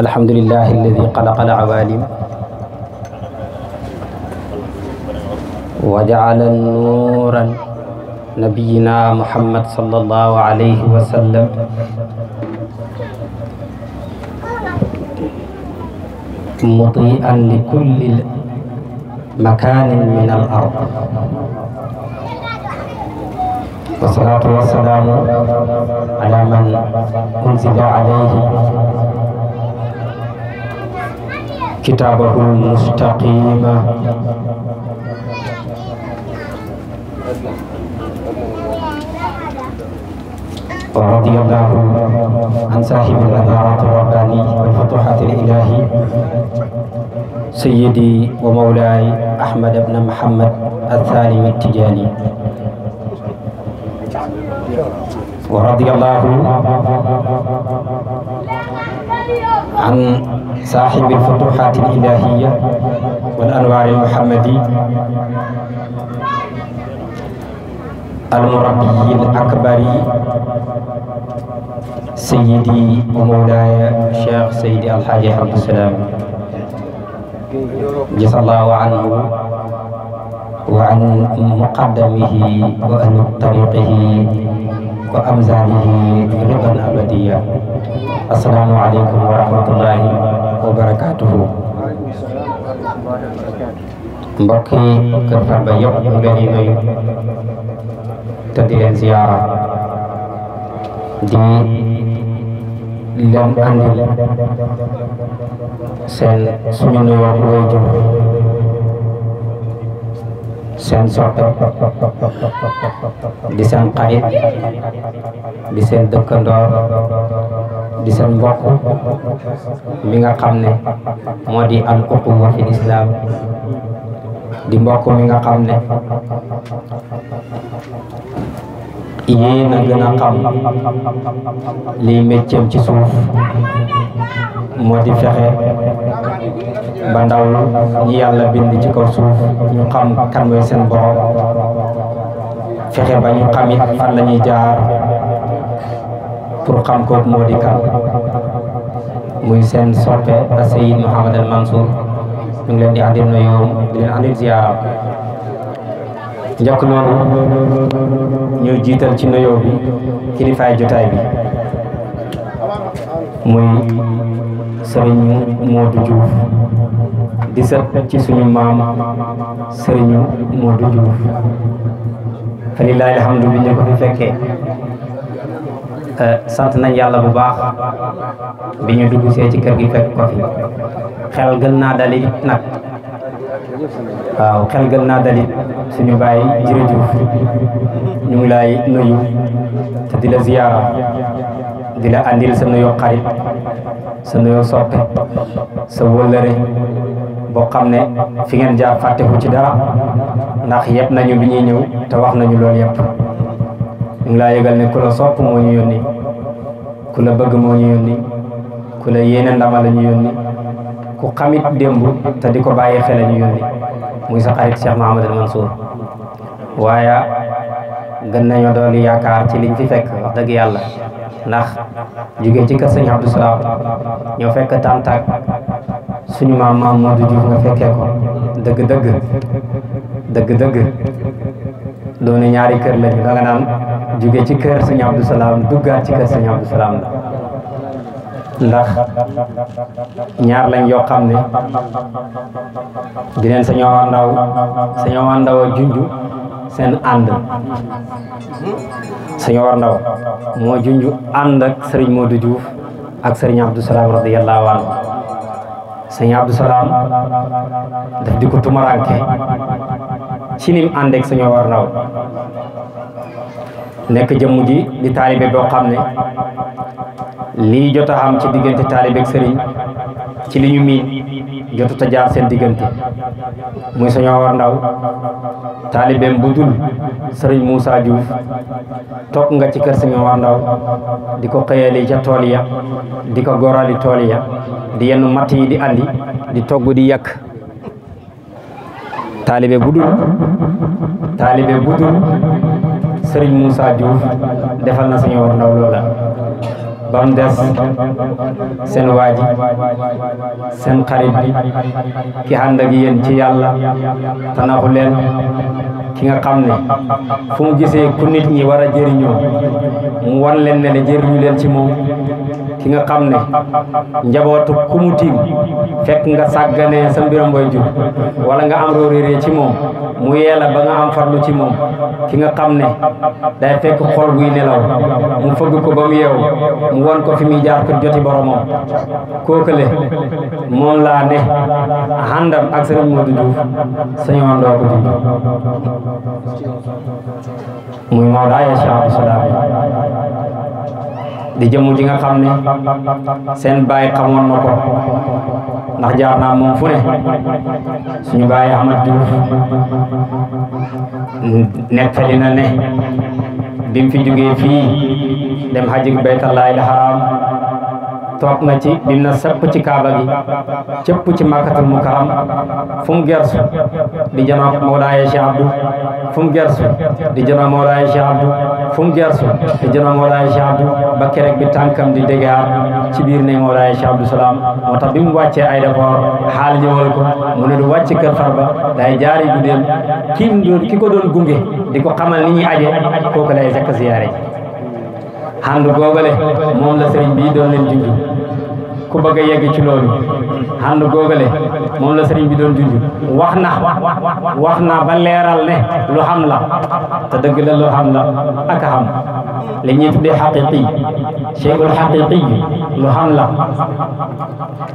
الحمد لله الذي خلق العوالم وجعل نورا نبينا محمد صلى الله عليه وسلم مطيئا لكل مكان من الأرض والصلاة والسلام على من أنزل عليه كتابه مستقيما ورضي الله عن صاحب الأنهار الرباني والفتوحات الإلهي سيدي ومولاي أحمد بن محمد الثاني التجاني ورضي الله عن صاحب الفتوحات الإلهية والأنوار المحمدي المربي الأكبر سيدي ومولاي الشيخ سيدي الحاج عبد السلام جزا الله عنه وعن مقدمه وأهل طريقه wa amzaalihi ridan abadiya assalaamu aleykum wa wa barakaatuhu mbokki kër Farba yëpp ñu ziyaara di leen andil seen suñu nuyoo wéyjur seen soppe di seen xarit di seen dëkkandoor di seen mbokk mi nga xam ne moo di al uquwa fi islam di mbokk mi nga xam ne yéen a gën a xam lii mécceem ci suuf moo di fexe ba ñi yàlla bind ci kaw suuf ñu xam kan mooy seen borom fexe ba ñu xamit fan la jaar pour xam kooku moo di kan muy seen soppe a Seyid Mouhamed Al Mansour ñu ngi leen di andil nuyoo di leen andil ziyaara njëkk loolu ñu jiital ci nuyoo bi kilifaay jotaay bi muy sëriñ Modou Diouf di sët ci suñu maam sëriñu Modou Diouf falilaay alhamdu bi ñu ko fi fekkee euh, sant nañ yàlla bu baax bi ñu dugg see ci kër gi fekk ko fi xel gën naa dali nag waaw xel gën naa dalit suñu baay jërëjëf ñu ngi lay nuyu te di la ziyaara di la andil sa nuyoo xarit sa nuyoo soppe sa wëllëre boo xam ne fi ngeen jaar fàtteku ci dara ndax yëpp nañu bi ñuy ñëw te wax nañu loolu yëpp ñu ngi laa yëgal ne ku la sopp moo ñu yónni ku la bëgg moo ñu yónni ku la yéene ndama la ñu yónni ku xamit démb te di ko bàyyi xel ñu yónni muy sa xarit Cheikh Mouhamadul Mansour waaye gën nañoo dooli yaakaar ci liñ ci fekk dëgg yàlla ndax jóge ci kër sëñ Abdou Salaam ñoo fekk tàntaak suñu maam maam Modou Diouf nga fekkee ko dëgg dëgg dëgg dëgg ñaari kër lañu da naan jóge ci kër sëñ Abdou Salaam duggaat ci kër sëñ Abdou Salaam la ndax ñaar lañ yoo xam ne dineen sañoo àndaw sañoo àndaw a junj seen ànd sañoo àndaw moo junj ànd ak sëriñ Modou Diouf ak sëriñ Abdou Salaam radiyallahu anhu sëriñ Abdou Salaam daf di ko tumaranke ci nim ànd ak sañoo àndaw nekk jëmm ji di taalibe boo xam ne lii jot a am ci diggante taalibe sëriñ ci li ñu miin jotut a jaar seen diggante muy sëñ Omar Ndaw taalibeem bu dul sëriñ Moussa Diouf toog nga ci kër sëñ Omar Ndaw di ko xëyali ca tool ya di ko gorali tool ya di matt yi di andi di togg di yak taalibe bu dul taalibe bu sëriñ Moussa Diouf defal na sëñ Omar Ndaw loola ba mu des seen waaji seen xarit bi ki ànd ak yéen ci yàlla tanaxu leen ki nga xam ne fu mu ku nit ñi war a jëriñoo mu wan leen ne ne ci moom ki nga xam ne njabootu ku mu tiim fekk nga sàgganee sa mbiram way jur nga am róoréeree ci moom mu yeela ba nga am farlu ci moom ki nga xam ne day fekk xol buy nelaw mu fëgg ko ba mu yeewu mu won ko fi muy jaar pour joti boromam kookale moom laa ne àndam ak sëriñ Modou Diouf sañoon doo ko ji muy Maodo Aïcha Abdou Salam di jëmu ji nga xam ne seen baay xamoon na ko jaar naa moom fu ne suñu baay Ahmad Diouf nettali na ne bi mu fi jógee fii dem xajik baytallaahil haraam toog na ci dina sepp ci kaaba gi cëpp ci makkatul mukaram fu mu gersu di jama mawlaaye Cheikh Abdou fu mu gersu di jama mawlaaye Cheikh Abdou gersu di jama mawlaaye Cheikh Abdou ba kerek bi tànkam di dégaar ci biir ne mawlaaye Cheikh Abdou Salaam moo tax bi mu wàccee ay defar xaal ñëwal ko mu ne du wàcc kër Farba day jaari guddéem ki ki ko doon gunge di ko xamal ni ñuy aje kooku lay sekk ziyaare xànd googale moom la sëriñ bii doon leen junj ku bëgg a yegg ci loolu xànd googale moom la sëriñ bi doon junj wax na wax na ba leeral ne lu xam la te dëgg la lu xam la ak a xam li ñuy tuddee xaqiqi cheikhul xaqiqi lu xam la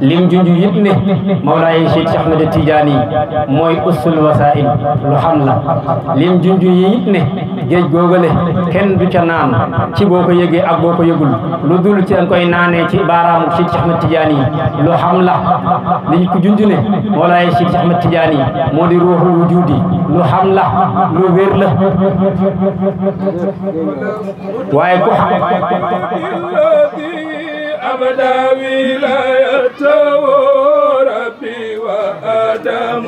lim junj yëpp ne mawlaaye cheikh Ahmad Tijaani mooy usul wasail lu xam la lim junj yi ne géej googale kenn du ca naan ci boo ko yëgee ak boo ko yëgul lu dul ci danga koy naanee ci baaraamu Cheikh Ahmed Tidiane yi loo xam la liñ ko junjune moolaay Cheikh Ahmed Tidiane yi moo di ruuxul wujudi lu xam la lu wér la waaye ku xam abada wilayatawo آدم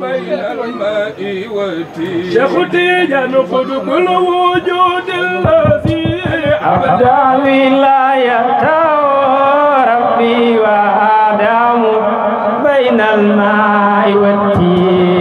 بين الماء والتين شيخ تيجان خذ كل وجود الذي أبدى ولاية ربي وآدم بين الماء والتين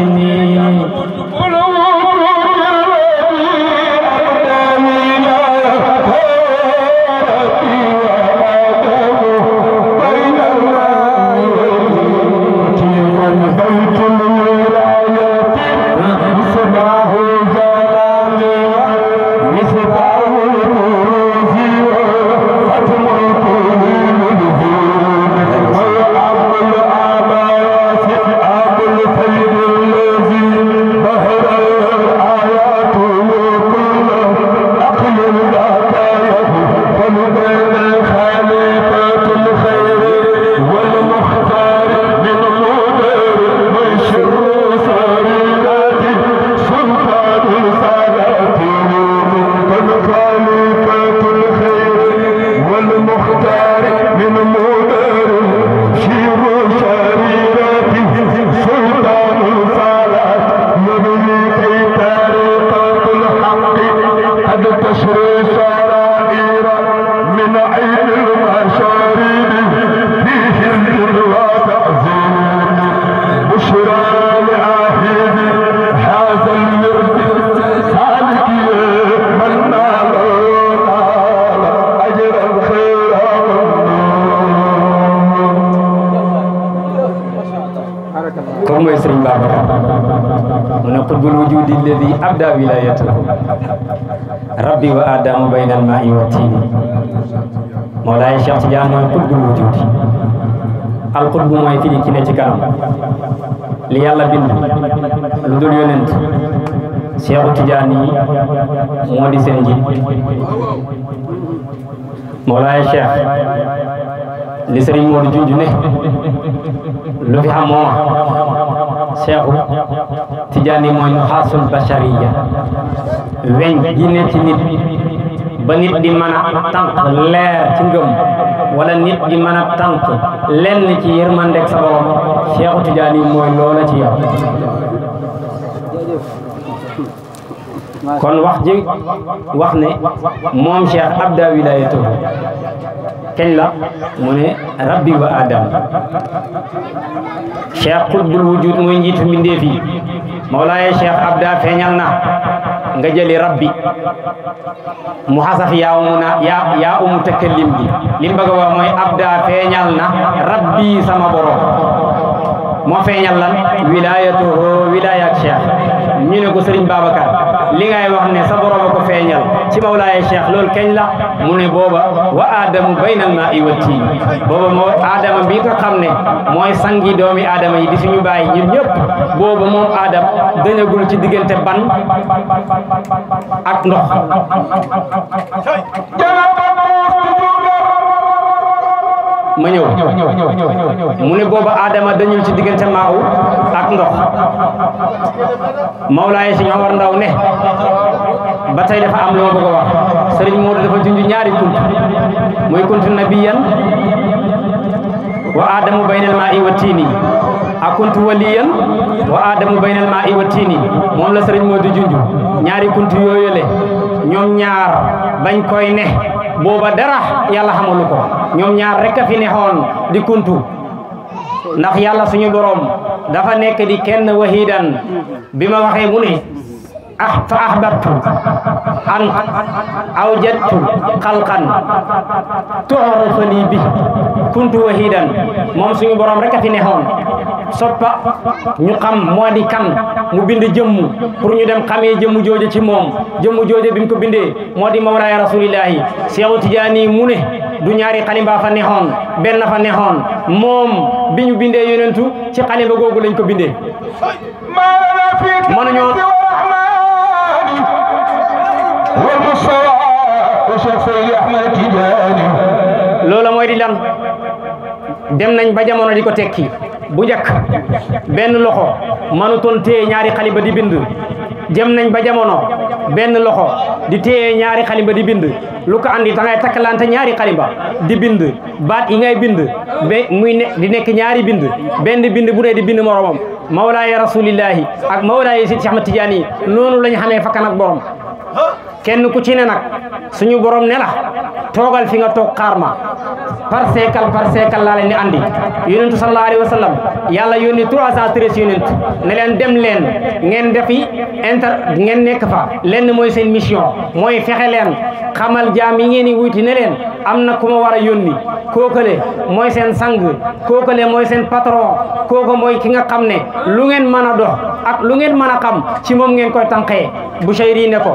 الحمد الذي أبدى ولايته ربي وآدم بين الماء والتين مولاي Cheikh Tidiane mooy qutbul wujuud al qutb mooy firi ki ne ci kanam li yàlla bind lu dul yonent Cheikh Tidiane yi moo di seen njiit li Sëriñ lu fi xam seexu tijaani mooy xaasul bashariya weñ gi ne ci nit ba nit di mën a tànk leer ci ngëm wala nit di mën a tànk lenn ci yërmandeg sa borom seexu tijaani mooy loola ci yow kon wax ji wax ne moom Cheikh abda wilayatu kañ la mu ne rabbi wa adam Cheikh xutbul wujud mooy njiitu mbindéef yi Mawlaaye Cheikh abda feeñal na nga jëli rabbi mu xasaf yaa umu na yaa yaa umu tëkkallim gi mooy abda feeñal na rabbi sama borom moo feeñal lan wilayatuhu wilayat Cheikh ñu ne ko sëriñ Babacar li ngay wax ne sa borom a ko feeñal ci mawlaaye cheikh loolu kañ la mu ne booba wa aadamu baynal maa i wa tii booba moo aadama bi nga xam ne mooy sangi doomi aadama yi di suñu bàyyi ñun ñëpp booba moom aadam dañagul ci diggante ban ak ndox ma ñew mu ne boba adama dañul ci digënté maaw ak ndox mawlaaye ci ñoo war ndaw ne ba tay dafa am lo bëgg wax sëriñ Moodu dafa jundju ñaari kunt moy kunt nabiyyan wa adamu bainal ma'i i wa tiini ak waliyan wa adamu bainal ma'i wa tiini la sëriñ Moodu jundju ñaari kunt yoyele ñom ñaar bañ koy ne boba dara yalla xamul ko ñoom ñaar rekk a fi nexoon di kuntu ndax yàlla suñu borom dafa nekk di kenn wahidan bi ma waxee mu ne ah fa ahbabtu an awjadtu xalqan tu'rafani bi kuntu wahidan moom suñu borom rek a fi neexoon soppa ñu xam moo di kan mu bind jëmm pour ñu dem xamee jëmm jooje ci moom jëmm jooje bi mu ko bindee moo di mawlaaya rasulillahi Seexu Tijaani mu ne du ñaari xalimba fa neexoon benn fa neexoon moom bi ñu bindee yonentu ci xalimba googu lañ ko bindee mënuñoo loola mooy di lan dem nañ ba jamono di ko tekki bu njëkk benn loxo manu toon téye ñaari xaliba di bind jëm nañ ba jamono benn loxo di téye ñaari xaliba di bind lu ko andi da ngay takkalante ñaari xaliba di bind baat yi ngay bind ba muy ne nekk ñaari bind benn bind bu ne di bind moromam mawlaaye rasulillahi ak mawlaaye si Cheikh Ahmad Tidiane yi noonu la ñu xamee fakkan ak borom kenn ku ci ne nag suñu borom ne toogal fi nga toog xaar ma par seekal par seekal laa leen di andi yonentu sallallahu alayhi wa sallam yàlla yónni trois cent treize yonent ne leen dem leen ngeen defi inter ngeen nekk fa lenn mooy seen mission mooy fexe leen xamal jaam yi ngeen di wuyti ne leen am na ku ma war a yónni kookale mooy seen sang kookale mooy seen patron kooku mooy ki nga xam ne lu ngeen mën a dox ak lu ngeen mën a xam ci moom ngeen koy tànqee bu cheyri ne ko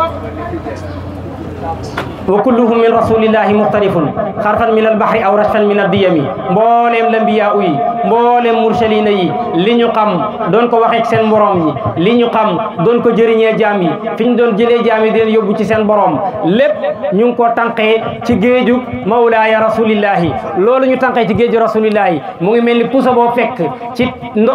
Stop. wa kulluhum min rasulillahi muxtarifun xarfan min albahri aw rashfan min addiyami mbooleem lambiya u yi mbooleem mursalina yi li ñu xam doon ko waxee ci seen borom yi li ñu xam doon ko jëriñee jaam yi fi ñu doon jëlee jaam yi di yóbbu ci seen boroom lépp ñu ngi ko tànqee ci géeju mawlaaya rasulillahi loolu ñu tànqee ci géeju rasulillahi mu ngi mel ni puso boo fekk ci ndo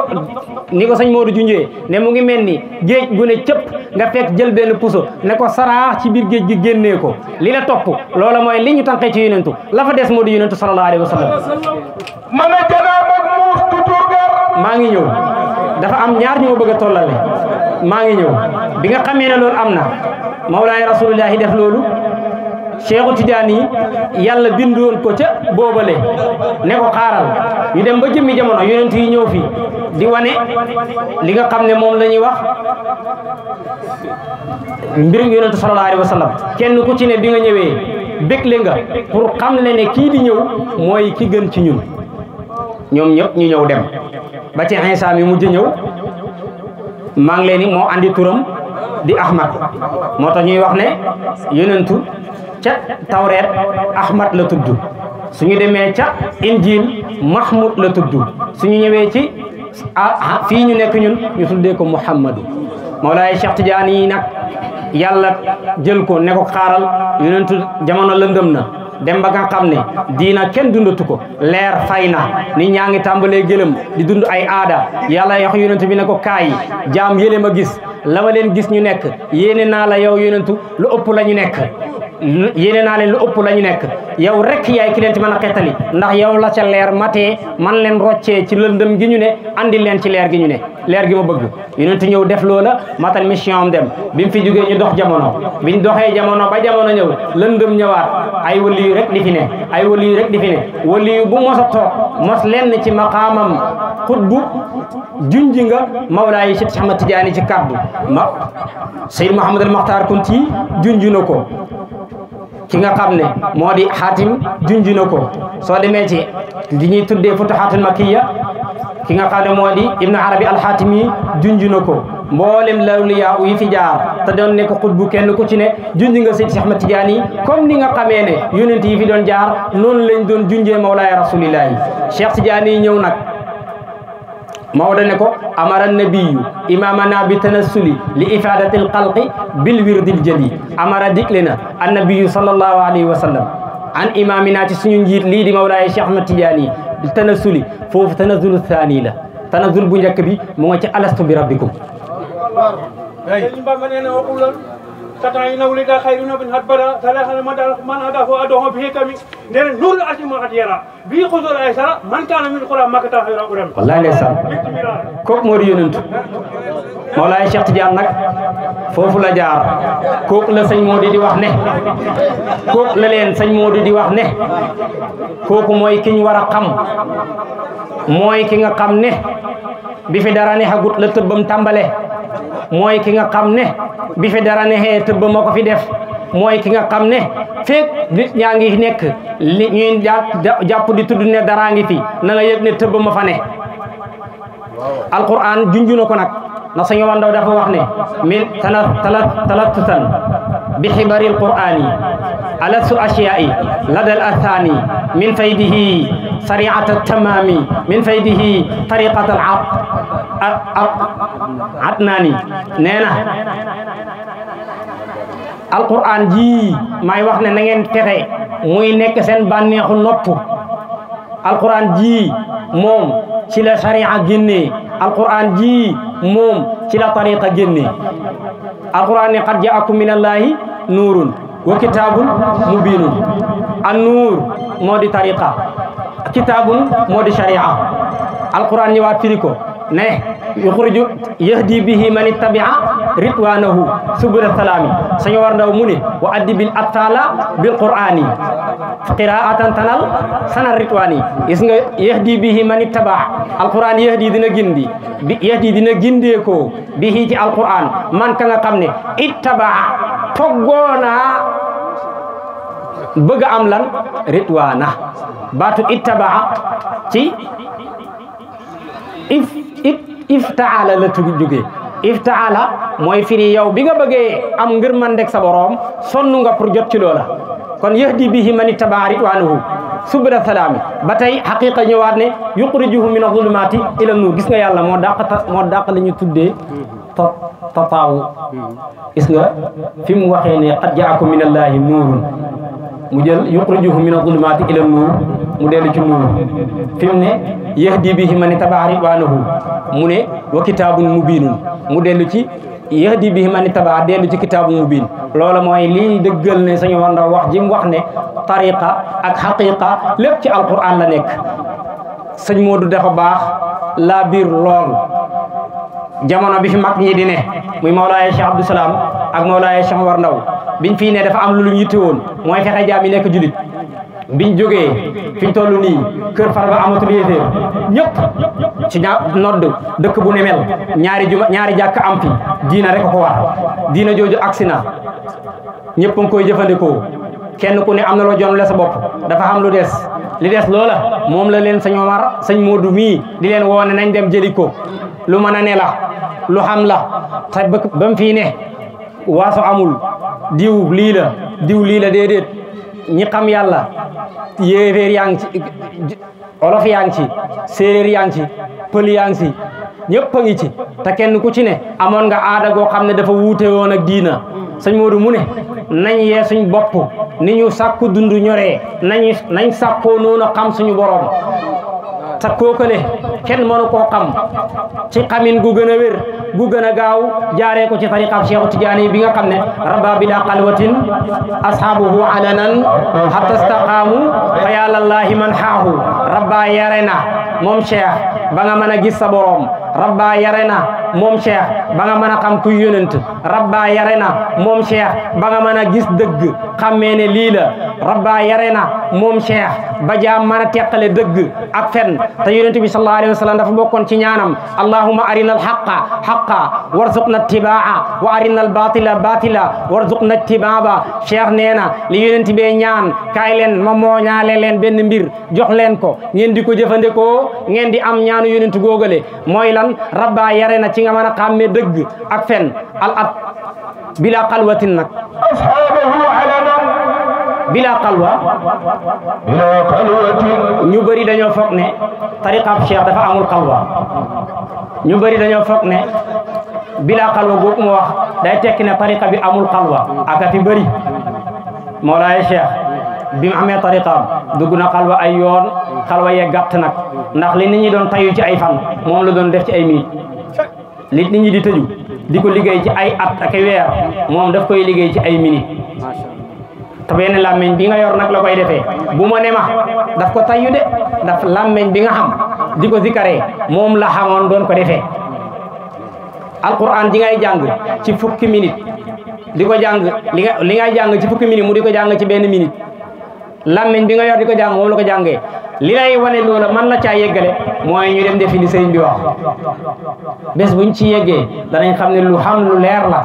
ni ko sëñ Moodu junjee ne mu ngi mel ni géej gu cëp nga fekk jël benn puso ne ko saraax ci biir géej gi génnee ko la topp loola mooy li ñu tànqee ci yonentu la fa des moo di yonentu sallallahu alayhi wa ma ne janaab ak muus du maa ngi ñëw dafa am ñaar ñu ma bëgg a tollale maa ngi ñëw bi nga xamee ne loolu am na mawlaay rasulullahi def loolu Seexu Tijaan yi yàlla bindoon ko ca boobale ne ko xaaral ñu dem ba jëmmi jamono yonent yi ñëw fii di wane li nga xam ne moom la ñuy wax mbirum yonentu sallallahu alayhi wa sallam kenn ku ci ne bi nga ñëwee bégle nga pour xam le ne kii di ñëw mooy ki gën ci ñun ñoom ñëpp ñu ñëw dem ba ci Iisaa mi mujj ñëw maa ngi leen moo andi turam di Ahmad moo tax ñuy wax ne yonentu ca tawreet ahmad la tudd suñu demee ca injil mahmud la su ñu ñewee ci ah fii ñu nekk ñun ñu tuddee ko muhammadu Mawlaay Cheikh Tidiane yi nag yàlla jël ko ne ko xaaral yonentu jamono lëndëm na dem ba nga xam ne diina kenn dundatu ko leer fay na nit ñaa ngi tàmbalee gëlëm di dund ay aada yàlla wax yonentu bi ne ko kaay jaam yële a gis la leen gis ñu nekk yéene naa la yow yonentu lu ëpp la ñu nekk yéene naa leen lu ëpp la ñu nekk yow rek yaay ki leen ci mën a xettali ndax yow la leer matee man leen roccee ci lëndëm gi ñu ne andi leen ci leer gi ñu ne leer gi ma bëgg yonent ñëw def loola matal mission am dem bi mu fi jógee ñu dox jamono biñ doxee jamono ba jamono ñëw lëndëm ñëwaat ay waliyu rek di ne ay waliyu rek di fi ne waliyu bu mos a mos leen ci maqaamam xutbu junji nga mawlaa yi Cheikh Ahmad Tidiane ci kaddu ma Seyd Mouhamadul Makhtar Kunti junji na ko ki nga xam ne moo di xaatim junj na ko soo demee ci li ñuy tuddee futuhaatul makkiya ki nga xam ne moo di ibnu arabi alxaatimi junj na ko mboolem lawliyaa yi fi jaar te doon nekk xutbu kenn ku ci ne junj nga Seydi Ahmad Tidiane yi comme ni nga xamee ne yonent yi fi doon jaar noonu lañ doon junjee mawlaaya rasulillahi Cheikh Tidiane yi ñëw nag mawdo ne ko amara nabiyu imamana bi tanassuli li ifadati alxalqi bil wirdil jëli amara digle na annabiyu sallallahu alayhi wa sallam an imamina ci suñu njiit lii di mawlaaye Cheikh Ahmad Tidiane yi tanassuli foofu tanazulu thani la tanazul bu njëkk bi mu nga ci alastu bi rabbikum ستعين ولدا خيرنا بن هدبلا ثلاثة مدار من أداه أدوه به كمي نير نور أجم أجيرا بي خذول أيسرا من كان من القرآن ما كتاه يرا قرآن والله ليس كوك مريون انت مولاي شيخ تجان نك foofu la jaar kooku la sëñ Modou di wax ne kooku la leen sëñ Modou di wax ne kooku mooy ki ñu war a xam mooy ki nga xam ne bi fi dara ne xagut la tëbbam tàmbale mooy ki nga xam ne bi fi dara nexee tëbb ma ko fi def mooy ki nga xam ne feeg nit ñaa ngi nekk li jàpp di tudd ne daraa ngi fi na nga yëg ne tëbb ma fa ne alquran junju ko nag na suñu wandaw dafa wax ne min tala tala talatutan bi xibari alqurani alastu ashiyai ladal athani min faydihi sariata tamami min faydihi tariqata alaq at at at naa ni nee na alquran may wax ne na ngeen texe muy nekk seen bànneexu nopp alquran ji moom ci la sariya génnee alquran ji moom ci la tariqa génnee alquran ne qad jaakum min allahi nuurun wa kitaabun mubiinun an nuur moo di tariqa kitaabun moo di sariya alquran ñëwaat firi ko ne yahdi bihi man ittabi'a ridwanahu subul salami sañu war ndaw muné wa addi bil abtala bil qur'ani qira'atan tanal sana ritwani. is nga yahdi bihi man Al Quran yahdi dina gindi bi yahdi dina gindi ko bihi ci Quran. man ka nga xamné ittaba' togona bëgg am lan ritwana batu ittaba' ci if it iftaala la tug jógee iftaala mooy firi yow bi nga bëggee am ngir man deg sa boroom sonn nga pour jot ci loola kon yahdi bihi man ittabaa ridwaanahu subula salaami ba tey xaqiqa ñëwaat ne yuxrijuhu min azulumaati ila nuur gis nga yàlla moo dàq moo dàq la ñu tuddee ta tataawu gis nga fi mu waxee ne qad jaakum min allaahi nuurun mu jël yuxrijuhum min adh-dhulumati ila an-nur mu dellu ci nur fi ne yahdi bihi man itabaa ridwanahu mu ne wa kitabun mubin mu dellu ci yahdi bihi man tabar dellu ci kitabun mubin loola moy li deggal ne sañu wanda wax ji mu wax ne tariqa ak haqiqa lepp ci alquran la nek sëñ Modou dafa bax la bir lool jamono bi fi mak ñi di ne muy mawlaye Cheikh Abdou salam ak mawlaye Cheikh War Ndaw biñ fii ne dafa am lu lu yitte woon mooy fexe jaam yi nekk julit biñ jógee fiñ toll nii kër Farba amatul yéeféer ñëpp ci ña nodd dëkk bu ne mel ñaari juma ñaari jàkk am diina rek ko war diina jooju agsi na ñëpp a koy jëfandikoo kenn ku ne am na loo jonle sa bopp dafa am lu des li des loola moom la leen sëñ Omar sëñ Modou mii di leen woone nañ dem jëli ko lu mën a ne la lu xam la te ba mu waaso amul diw lii la diw lii la déedéet ñi xam yàlla yéeféer yaa ngi ci olof yaa ngi ci séeréer yaa ngi ci pël yaa ci ñëpp ngi ci te kenn ku ci ne amoon nga aada goo xam ne dafa wuute woon ak diina sëñ Modou mu ne nañ yee suñ bopp ni ñu sàkku dund ñore nañ nañ sàkkoo noonu xam boroom borom te kookale kenn mënu koo xam ci xamin gu gën a gu gën a gaaw jaaree ko ci tariqaab Cheikhu Tijaani bi nga xam ne rabba bila xalwatin ashaabuhu alanan hatta staqaamu fa yàllallahi man xaahu rabba yarena moom cheikh ba nga mën a gis sa boroom rabbaa yare na moom cheikh ba nga mën a xam kuy yonent rabbaa yare na moom cheikh ba nga mën a gis dëgg xammee ne lii la rabbaa yare na moom cheikh ba jaam mën a teqale dëgg ak fen te yonent bi sallallahu alayhi wa sallam dafa bokkoon ci ñaanam allahumma arina al haqa haqa warzuqna ittibaa wa arina al batila batila warzuqna ittibaaba cheikh nee na li yonent bee ñaan kaay leen ma mooñaale leen benn mbir jox leen ko ngeen di ko jëfandikoo ngeen di am ñaan ñaanu yonent góogale mooy lan rabba yare na ci nga mën a xàmmee dëgg ak fen al ab bila xalwatin nag bila xalwa bila xalwatin ñu bëri dañoo foog ne tariqab cheikh dafa amul xalwa ñu bëri dañoo foog ne bila xalwa googu mu wax day tekki ne tariqa bi amul xalwa akati bëri moolaay cheikh bi mu amee tariqaam dugg na xalwa ay yoon xalwa yee gàtt nag ndax li nit ñi doon tayu ci ay fan moom la doon def ci ay minute li nit ñi di tëju di ko liggéey ci ay at ak weer moom daf koy liggéey ci ay minute te benn làmmiñ bi nga yor nag la koy defee bu ma ne ma daf ko tayu de daf làmmiñ bi nga xam di ko zikaree moom la xamoon doon ko defee alquran ji ngay jàng ci fukki minute di ko jàng li nga li ngay jàng ci fukki minute mu di ko jàng ci benn minute làmmiñ bi nga yor di ko jàng moom la ko jàngee li lay wane loola man la caa yeggale mooy ñu dem defi li sëriñ bi wax bés buñ ci yeggee danañ xam ne lu xam lu leer la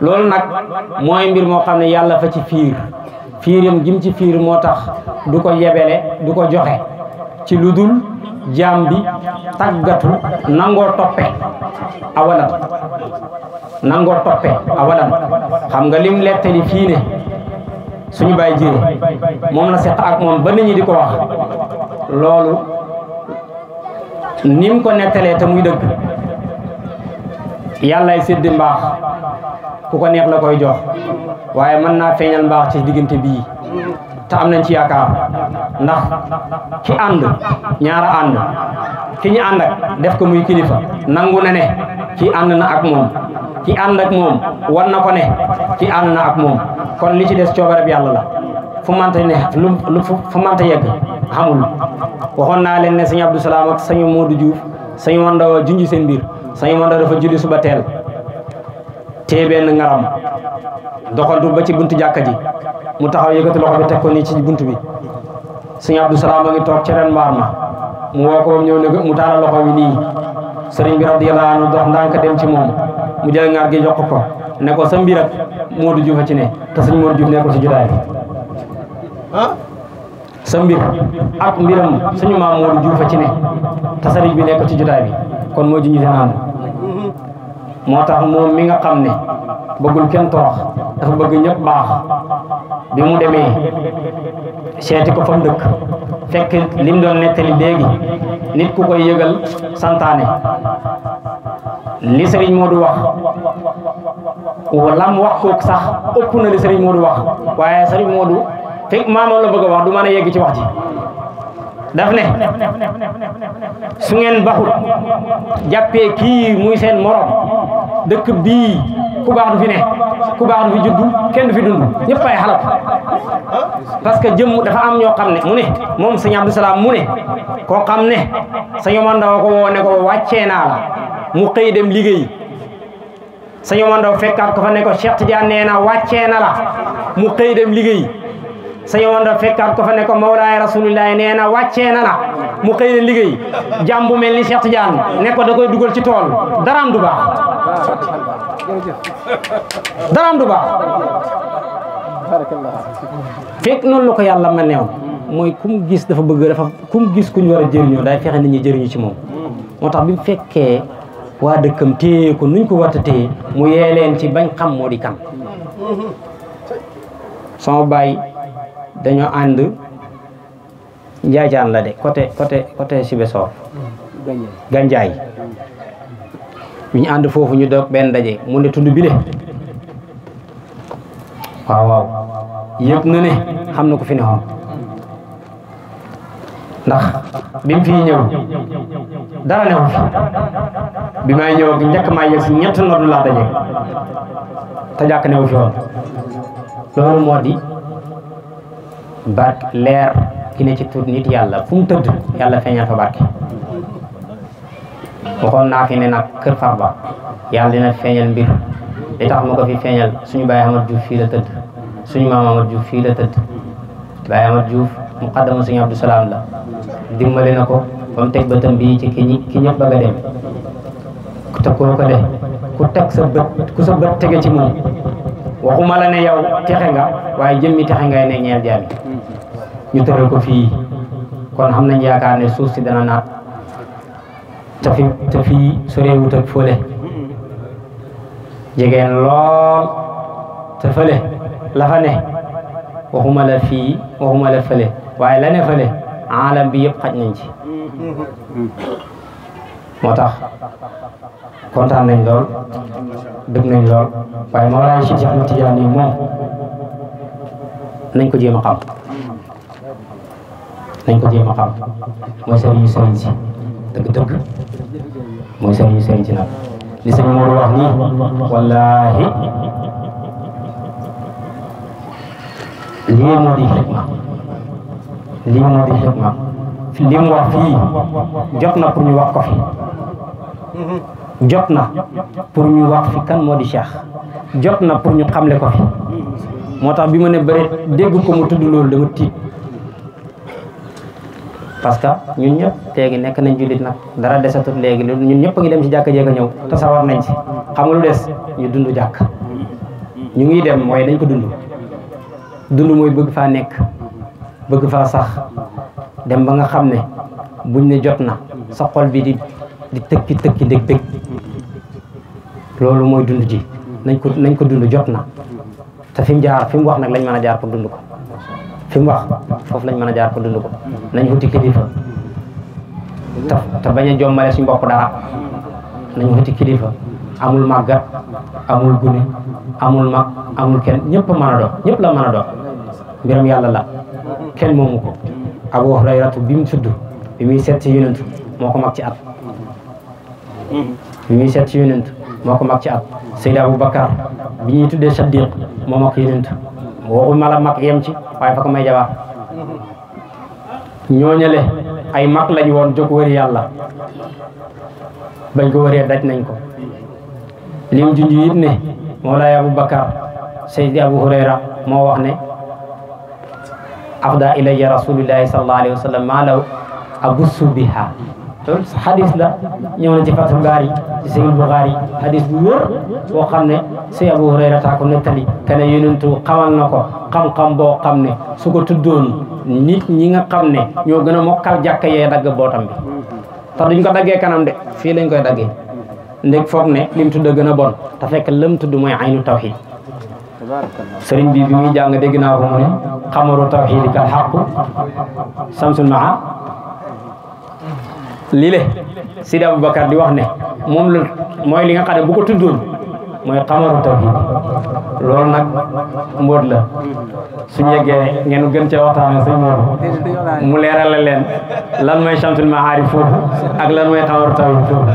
loolu nag moo mbir moo xam ne yàlla fa ci fiir fiiram gim ci fiir moo tax du ko yebele du ko joxe ci lu dul jaam bi tàggatu nangoo toppe awalan nangoo toppe awalan xam nga lim lettali fii ne suñu baay jiw moom la set ak moom ba nit ñi di ko wax loolu ni mu ko nettalee te muy dëgg yàllaay sedd mbaax ku ko neex la koy jox waaye mën naa feeñal mbaax ci diggante bii te am nañ ci yaakaar ndax ki ànd ñaara ànd ki ñu ànd ak def ko muy kilifa nangu na ne ànd na ak moom ki and ak mom won nako ne ki and na ak mom kon li ci dess ciobar bi yalla la fu manta ne lu fu manta yegg xamul waxon na len ne seigne Abdou salam ak seigne Modou Diouf seigne Wando junj sen bir seigne Wando dafa julli suba tel te ben ngaram doxantu ba ci buntu jàkka ji mu taxaw yegati loxo bi tekko ni ci buntu bi seigne Abdou salam ngi tok ci ren mbaar mu woo ñew mu ne mu taala loxo bi ni bi radiyallahu anhu dox dem ci mu jël ngar gi jox ko ne ko sa mbir ak Modou djouf ci ne te sëñ Modou Diouf nekkul si jotaay sa mbir ak mbiram suñu ma Modou djouf ci ne te sarij bi ko ci jotaay bi kon moo juñu seen ànd motax tax mi nga xamne bëggul kën torox dafa bëgg ñëpp baax bi mu démé seeti ko fa dëkk fekk lim doon netali légui nit ku koy yëgal santané li Serigne Modou wax lam wax kook sax ëpp na li Serigne du wax waaye Serigne Modou fekk maamam la bëgg wax du mën a yegg ci wax ji daf ne su ngeen baxul jàppee kii muy seen morom dëkk bii ku baax du fi ne ku baax du fi juddu kenn du fi dund ñëpp ay xalab parce que jëmm dafa am ñoo xam ne mu ne moom sëñ Abdou Salaam mu ne koo xam ne sëñ Omar Ndaw ko woo ne ko wàccee naa la mu xëy dem liggéey sëñ Omar Ndaw fekkaat ko fa ne ko Cheikh Tidiane nee na wàccee na la mu xëy dem liggéey sëñ Omar Ndaw fekkaat ko fa ne ko Mawlaay Rasulillahi nee na wàccee na la mu xëy dem liggéey jàmm bu mel ni Cheikh Tidiane ne ko dugal ci tool daraam daraam du baax fekk noonu la ko yàlla ma neewoon mooy ku mu gis dafa bëgg dafa ku gis ku ñu war a jëriñoo day fexe nit ñi jëriñu ci moom moo tax bi mu fekkee waa dëkkam téye ko nuñ ko war a mu yee leen ci bañ xam moo di kan sama baay dañoo ànd njaajaan la de côté côté côté Sibesoor ganjaay ñu ànd foofu ñu dog benn daje mu ne tund bile waaw waaw yëpp na xam na ko fi ne woon ndax bi mu fii ñëw dara ne fi bi may ñëw njëkk maa yëg si ñett noonu laa daje te jàkk ne wu fi loolu moo di barke leer ki ne ci tur nit yàlla fu tëdd yàlla feeñal fa barke waxon na fi ne nak keur Farba yalla dina feñal mbir li tax mu ko fi feñal suñu Baye Amad Diouf fi la tëdd suñu mama Amad Diouf fi la tëdd Baye Amad Diouf mu suñu Abdou salam la dimbali nako ko ba beutam bi ci kiñi ñi ki ñëpp bëgg dem ku koo ko de ku teg sa beut ku sa beut tege ci mom waxuma la ne yow texe nga waye jëmmi texe ngay ne ñeel jaami ñu tëral ko fi kon xam nañ yaakaar ne suuf ci dana naat te fi te fii soreewut ak fële jegeen lool te fële la waxuma la fii waxuma la fale waaye la fale fële bi yëpp xaj nañ ci moo tax kontaan nañ lool dëgg nañ lool waaye Mawlaana Cheikh Ahmed Tidiane yi moom nañ ko jéem a xam nañ ko jéem a xam mooy sëriñ sëriñ ci nag li sëriñ Modou wax nii wallaahi lii moo di xikma lii moo di xikma li mu wax fii jot na pour ñu wax ko na pour ñu wax fi kan moo di cheikh jot na pour ñu xamle ko fi moo tax bi ma ne bëri dégg ko mu tudd loolu dama tiit parce que ñun ñëpp léegi nek nañ julit nak dara desatut légui ñun ñëpp ngi dem ci jakk jéeg a ñëw sawar nañ ci xam nga lu des ñu dundu jakk ñu ngi dem moy dañ ko dundu dundu moy bëgg fa nek bëgg fa sax dem ba nga xam buñ ne jot na sa xol bi di di tekki tekki ndég bég lolu moy dundu ji nañ ko nañ ko dundu jot na jaar fim wax nak lañ mëna jaar ko dundu ko fi mu foofu lañ mën a jaar ko dund ko nañ wuti kilifa ta te bañ a jommale suñ bopp dara nañ wuti kilifa amul màggat amul gune amul mag amul kenn ñëpp a mën a dox ñëpp la mën a dox mbiram yàlla la kenn moomu ko Abu Hurayratu bi mu tudd bi muy seet ci yonent moo ko mag ci at bi muy seet ci yonent moo ko mag ci at Seydou Abou Bakar bi ñuy tuddee Saddiq moo mag yonent waxu ma la mag yem ci waaye fa ko may jawaab ñooñale ay mag lañu woon jóg wëri yàlla bañ ko wëree daj nañ ko lim junj yit ne Mawlaay Abu Bakar Seydi Abu Hurayra moo wax ne afda ilayya rasulillahi sallallahu alayhi maa law abussu biha loolu xadis la ñëw na ci Fathul Baari ci Sahih Buxaari xadis bu wër boo xam ne si Abu Hurayra taa ko nettali ke ne yonentu xamal na ko xam-xam boo xam ne su ko tuddoon nit ñi nga xam ne ñoo gën a mokkal jàkk yee dagg bootam bi ta duñ ko daggee kanam de fii lañ koy daggee ndég foog ne lim tudd gën a bon te fekk lam tudd mooy aynu tawxid sëriñ bi bi muy jàng dégg naa ko mu ne xamaru tawxidi kal xaqu samsul maa lii le Sidi Aboubacar di wax ne moom la mooy li nga xam ne bu ko tuddoon mooy xamaru tawhid loolu nag mbóot la su yeggee ngeen gën cee waxtaane sëñ Mor mu leeral la leen lan mooy chamtul maarif foofu ak lan mooy xamaru tawhid foofu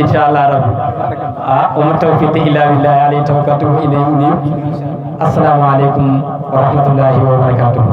incha allah rabbi ah uma tawfiqi illa billahi alayhi tawakkaltu ilayhi unib asalaamaaleykum wa wa barakatuhu